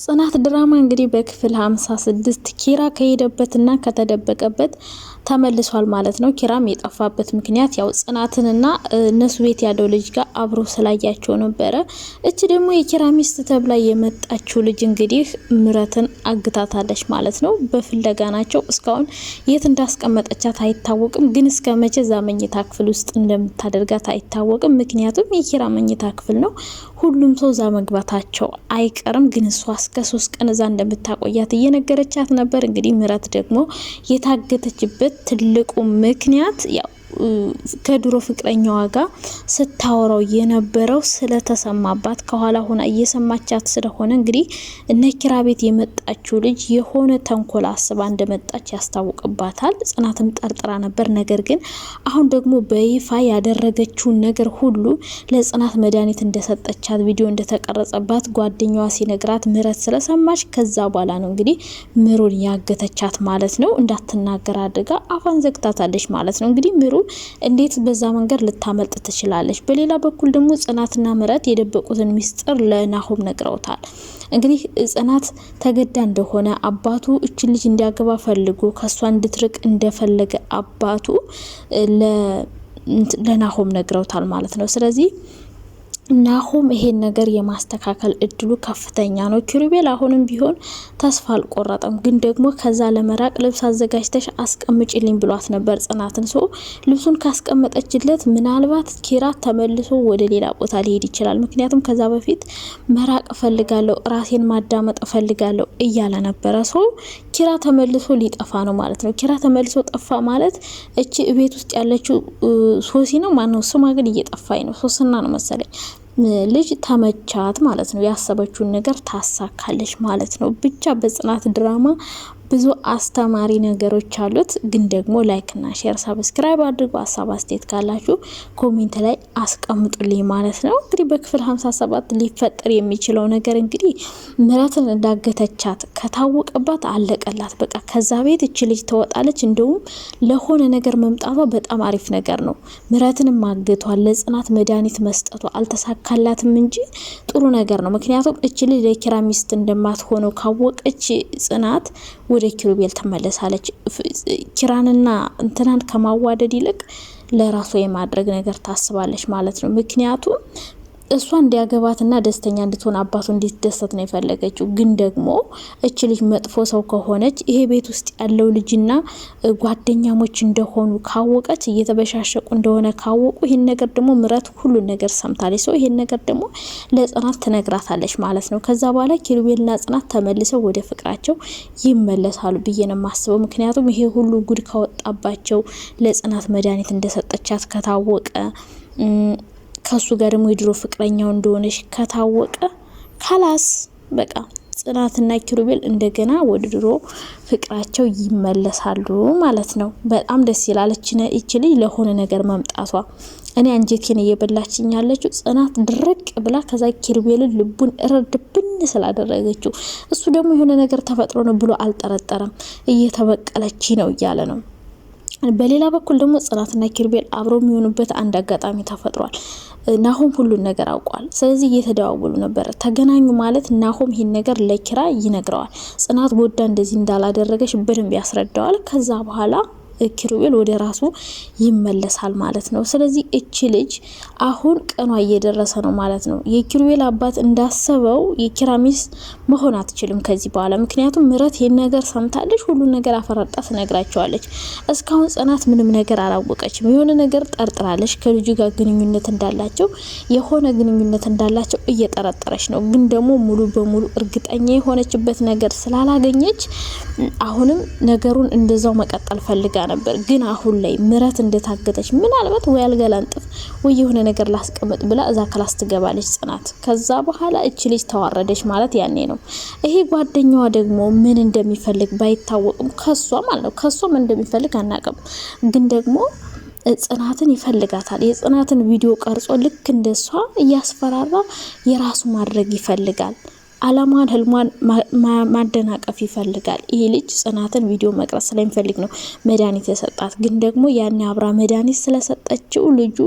ጽናት ድራማ እንግዲህ በክፍል 56 ኪራ ከሄደበትና ከተደበቀበት ተመልሷል ማለት ነው። ኪራም የጠፋበት ምክንያት ያው ጽናትንና እነሱ ቤት ያለው ልጅ ጋር አብሮ ስላያቸው ነበረ። እች ደግሞ የኪራ ሚስት ተብላ የመጣችው ልጅ እንግዲህ ምረትን አግታታለች ማለት ነው። በፍለጋ ናቸው። እስካሁን የት እንዳስቀመጠቻት አይታወቅም። ግን እስከ መቼ እዛ መኝታ ክፍል ውስጥ እንደምታደርጋት አይታወቅም። ምክንያቱም የኪራ መኝታ ክፍል ነው። ሁሉም ሰው እዛ መግባታቸው አይቀርም። ግን እሷ እስከ ሶስት ቀን እዛ እንደምታቆያት እየነገረቻት ነበር። እንግዲህ ምረት ደግሞ የታገተችበት ትልቁ ምክንያት ያው ከድሮ ፍቅረኛዋ ጋር ስታወራው የነበረው ስለተሰማባት ከኋላ ሆና እየሰማቻት ስለሆነ እንግዲህ እነ ኪራ ቤት የመጣችው ልጅ የሆነ ተንኮል አስባ እንደመጣች ያስታውቅባታል። ጽናትም ጠርጥራ ነበር። ነገር ግን አሁን ደግሞ በይፋ ያደረገችውን ነገር ሁሉ ለጽናት መድኃኒት እንደሰጠቻት ቪዲዮ እንደተቀረጸባት ጓደኛዋ ሲነግራት ምረት ስለሰማች ከዛ በኋላ ነው እንግዲህ ምሩን ያገተቻት ማለት ነው። እንዳትናገር አድርጋ አፋን ዘግታታለች ማለት ነው። እንግዲህ ምሩን እንዴት በዛ መንገድ ልታመልጥ ትችላለች? በሌላ በኩል ደግሞ ጽናትና ምረት የደበቁትን ሚስጥር ለናሆም ነግረውታል። እንግዲህ ጽናት ተገዳ እንደሆነ አባቱ እች ልጅ እንዲያገባ ፈልጎ ከእሷ እንድትርቅ እንደፈለገ አባቱ ለናሆም ነግረውታል ማለት ነው። ስለዚህ ናሆም ይሄን ነገር የማስተካከል እድሉ ከፍተኛ ነው። ኪሩቤል አሁንም ቢሆን ተስፋ አልቆረጠም፣ ግን ደግሞ ከዛ ለመራቅ ልብስ አዘጋጅተሽ አስቀምጭልኝ ብሏት ነበር ጽናትን። ሶ ልብሱን ካስቀመጠችለት ምናልባት ኪራ ተመልሶ ወደ ሌላ ቦታ ሊሄድ ይችላል። ምክንያቱም ከዛ በፊት መራቅ እፈልጋለሁ፣ ራሴን ማዳመጥ እፈልጋለሁ እያለ ነበረ። ሶ ኪራ ተመልሶ ሊጠፋ ነው ማለት ነው። ኪራ ተመልሶ ጠፋ ማለት እቺ ቤት ውስጥ ያለችው ሶሲ ነው ማነው ስሟ ግን እየጠፋኝ ነው። ሶስና ነው መሰለኝ ልጅ ተመቻት ማለት ነው። ያሰበችውን ነገር ታሳካለች ማለት ነው። ብቻ በጽናት ድራማ ብዙ አስተማሪ ነገሮች አሉት። ግን ደግሞ ላይክና ሼር፣ ሰብስክራይብ አድርጉ። ሀሳብ አስተያየት ካላችሁ ኮሜንት ላይ አስቀምጡልኝ ማለት ነው። እንግዲህ በክፍል 57 ሊፈጠር የሚችለው ነገር እንግዲህ ምረትን እንዳገተቻት ከታወቀባት አለቀላት። በቃ ከዛ ቤት እች ልጅ ትወጣለች። እንደውም ለሆነ ነገር መምጣቷ በጣም አሪፍ ነገር ነው። ምራትንም ማገቷል፣ ለጽናት መድኃኒት መስጠቷ አልተሳካላትም እንጂ ጥሩ ነገር ነው። ምክንያቱም እች ልጅ ለኪራ ሚስት እንደማትሆነው ካወቀች ጽናት ወደ ኪሩቤል ትመለሳለች። ኪራንና እንትናን ከማዋደድ ይልቅ ለራሷ የማድረግ ነገር ታስባለች ማለት ነው። ምክንያቱም እሷ እንዲያገባትና ደስተኛ እንድትሆን አባቱ እንዲደሰት ነው የፈለገችው። ግን ደግሞ እች ልጅ መጥፎ ሰው ከሆነች ይሄ ቤት ውስጥ ያለው ልጅና ጓደኛሞች እንደሆኑ ካወቀች፣ እየተበሻሸቁ እንደሆነ ካወቁ ይህን ነገር ደግሞ ምረት ሁሉን ነገር ሰምታለች። ሰው ይህን ነገር ደግሞ ለጽናት ትነግራታለች ማለት ነው። ከዛ በኋላ ኪሩቤልና ጽናት ተመልሰው ወደ ፍቅራቸው ይመለሳሉ ብዬ ነው የማስበው። ምክንያቱም ይሄ ሁሉ ጉድ ካወጣባቸው ለጽናት መድኃኒት እንደሰጠቻት ከታወቀ ከሱ ጋር ደግሞ የድሮ ፍቅረኛው እንደሆነች ከታወቀ ካላስ በቃ ጽናትና ኪሩቤል እንደገና ወደ ድሮ ፍቅራቸው ይመለሳሉ ማለት ነው። በጣም ደስ ይላለች እቺ ልጅ ለሆነ ነገር መምጣቷ እኔ አንጀቴን እየበላችኝ ያለችው ጽናት ድርቅ ብላ ከዛ ኪሩቤልን ልቡን ብን ስላደረገችው እሱ ደግሞ የሆነ ነገር ተፈጥሮ ነው ብሎ አልጠረጠረም። እየተበቀለች ነው እያለ ነው በሌላ በኩል ደግሞ ጽናትና ኪርቤል አብሮ የሚሆኑበት አንድ አጋጣሚ ተፈጥሯል። ናሆም ሁሉን ነገር አውቋል። ስለዚህ እየተደዋወሉ ነበረ። ተገናኙ ማለት ናሆም ይህን ነገር ለኪራ ይነግረዋል። ጽናት ጎዳ እንደዚህ እንዳላደረገች በደንብ ያስረዳዋል። ከዛ በኋላ ኪሩቤል ወደ ራሱ ይመለሳል ማለት ነው። ስለዚህ እቺ ልጅ አሁን ቀኗ እየደረሰ ነው ማለት ነው። የኪሩቤል አባት እንዳሰበው የኪራ ሚስት መሆን አትችልም ከዚህ በኋላ ምክንያቱም ምረት ይህን ነገር ሰምታለች። ሁሉን ነገር አፈራርጣ ትነግራቸዋለች። እስካሁን ጽናት ምንም ነገር አላወቀችም። የሆነ ነገር ጠርጥራለች። ከልጁ ጋር ግንኙነት እንዳላቸው የሆነ ግንኙነት እንዳላቸው እየጠረጠረች ነው። ግን ደግሞ ሙሉ በሙሉ እርግጠኛ የሆነችበት ነገር ስላላገኘች አሁንም ነገሩን እንደዛው መቀጠል ፈልጋ ነው ነበር። ግን አሁን ላይ ምረት እንደታገተች ምናልባት ወይ አልገላንጥፍ ወይ የሆነ ነገር ላስቀምጥ ብላ እዛ ክላስ ትገባለች ጽናት። ከዛ በኋላ እች ልጅ ተዋረደች ማለት ያኔ ነው። ይሄ ጓደኛዋ ደግሞ ምን እንደሚፈልግ ባይታወቅም ከሷ ማለት ነው ከሷ ምን እንደሚፈልግ አናውቅም። ግን ደግሞ ጽናትን ይፈልጋታል። የጽናትን ቪዲዮ ቀርጾ ልክ እንደሷ እያስፈራራ የራሱ ማድረግ ይፈልጋል። አላማን ህልሟን ማደናቀፍ ይፈልጋል። ይህ ልጅ ጽናትን ቪዲዮ መቅረጽ ስለሚፈልግ ነው መድኃኒት የሰጣት። ግን ደግሞ ያኔ አብራ መድኃኒት ስለሰጠችው ልጁ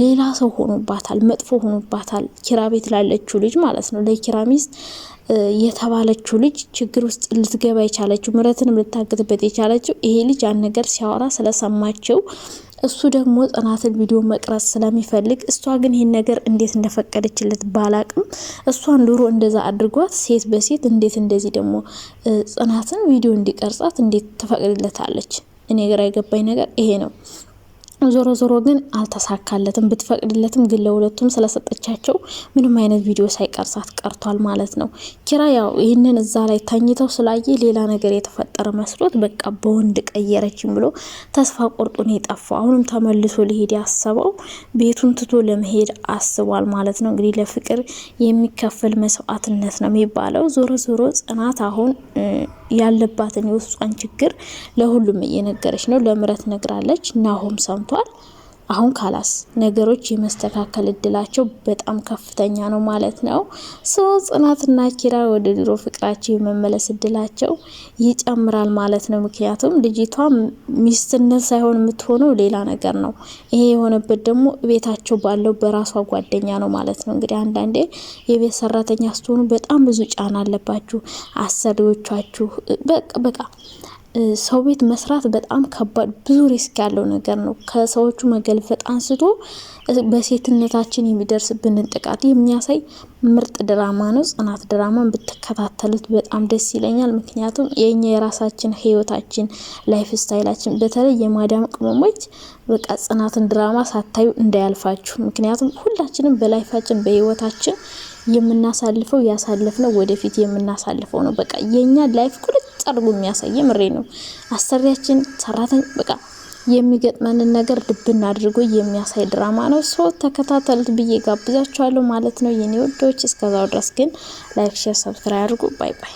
ሌላ ሰው ሆኖባታል፣ መጥፎ ሆኖባታል። ኪራ ቤት ላለችው ልጅ ማለት ነው ለኪራ ሚስት የተባለችው ልጅ ችግር ውስጥ ልትገባ የቻለችው ምረትንም ልታግትበት የቻለችው ይሄ ልጅ ያን ነገር ሲያወራ ስለሰማቸው እሱ ደግሞ ጽናትን ቪዲዮ መቅረጽ ስለሚፈልግ እሷ ግን ይህን ነገር እንዴት እንደፈቀደችለት ባላቅም እሷን ዱሮ እንደዛ አድርጓት ሴት በሴት እንዴት እንደዚህ ደግሞ ጽናትን ቪዲዮ እንዲቀርጻት እንዴት ትፈቅድለታለች? እኔ ግራ የገባኝ ነገር ይሄ ነው። ዞሮ ዞሮ ግን አልተሳካለትም። ብትፈቅድለትም ግን ለሁለቱም ስለሰጠቻቸው ምንም አይነት ቪዲዮ ሳይቀርሳት ቀርቷል ማለት ነው። ኪራ ያው ይህንን እዛ ላይ ተኝተው ስላየ ሌላ ነገር የተፈጠረ መስሎት በቃ በወንድ ቀየረችም ብሎ ተስፋ ቆርጦን የጠፋው አሁንም ተመልሶ ሊሄድ ያሰበው ቤቱን ትቶ ለመሄድ አስቧል ማለት ነው። እንግዲህ ለፍቅር የሚከፈል መስዋዕትነት ነው የሚባለው። ዞሮ ዞሮ ጽናት አሁን ያለባትን የውስጧን ችግር ለሁሉም እየነገረች ነው። ለምረት ነግራለች። ናሆም ሰምቷል። አሁን ካላስ ነገሮች የመስተካከል እድላቸው በጣም ከፍተኛ ነው ማለት ነው። ሰው ጽናትና ኪራ ወደ ድሮ ፍቅራቸው የመመለስ እድላቸው ይጨምራል ማለት ነው። ምክንያቱም ልጅቷ ሚስትነት ሳይሆን የምትሆነው ሌላ ነገር ነው። ይሄ የሆነበት ደግሞ ቤታቸው ባለው በራሷ ጓደኛ ነው ማለት ነው። እንግዲህ አንዳንዴ የቤት ሰራተኛ ስትሆኑ በጣም ብዙ ጫና አለባችሁ። አሰሪዎቻችሁ በቃ ሰው ቤት መስራት በጣም ከባድ ብዙ ሪስክ ያለው ነገር ነው። ከሰዎቹ መገልፈጥ አንስቶ በሴትነታችን የሚደርስብንን ጥቃት የሚያሳይ ምርጥ ድራማ ነው። ጽናት ድራማን ብትከታተሉት በጣም ደስ ይለኛል። ምክንያቱም የኛ የራሳችን ህይወታችን ላይፍ ስታይላችን በተለይ የማዳም ቅመሞች በቃ ጽናትን ድራማ ሳታዩ እንዳያልፋችሁ። ምክንያቱም ሁላችንም በላይፋችን በህይወታችን የምናሳልፈው ያሳለፍነው ወደፊት የምናሳልፈው ነው። በቃ የእኛ ላይፍ ቁልጭ ጨርጉ የሚያሳይ ምሬ ነው። አሰሪያችን ሰራተኛ በቃ የሚገጥመንን ነገር ድብና አድርጎ የሚያሳይ ድራማ ነው። ሶ ተከታተሉት ብዬ ጋብዛችኋለሁ ማለት ነው የኔ ወዶች። እስከዛው ድረስ ግን ላይክ፣ ሼር፣ ሰብስክራይብ አድርጉ። ባይ ባይ።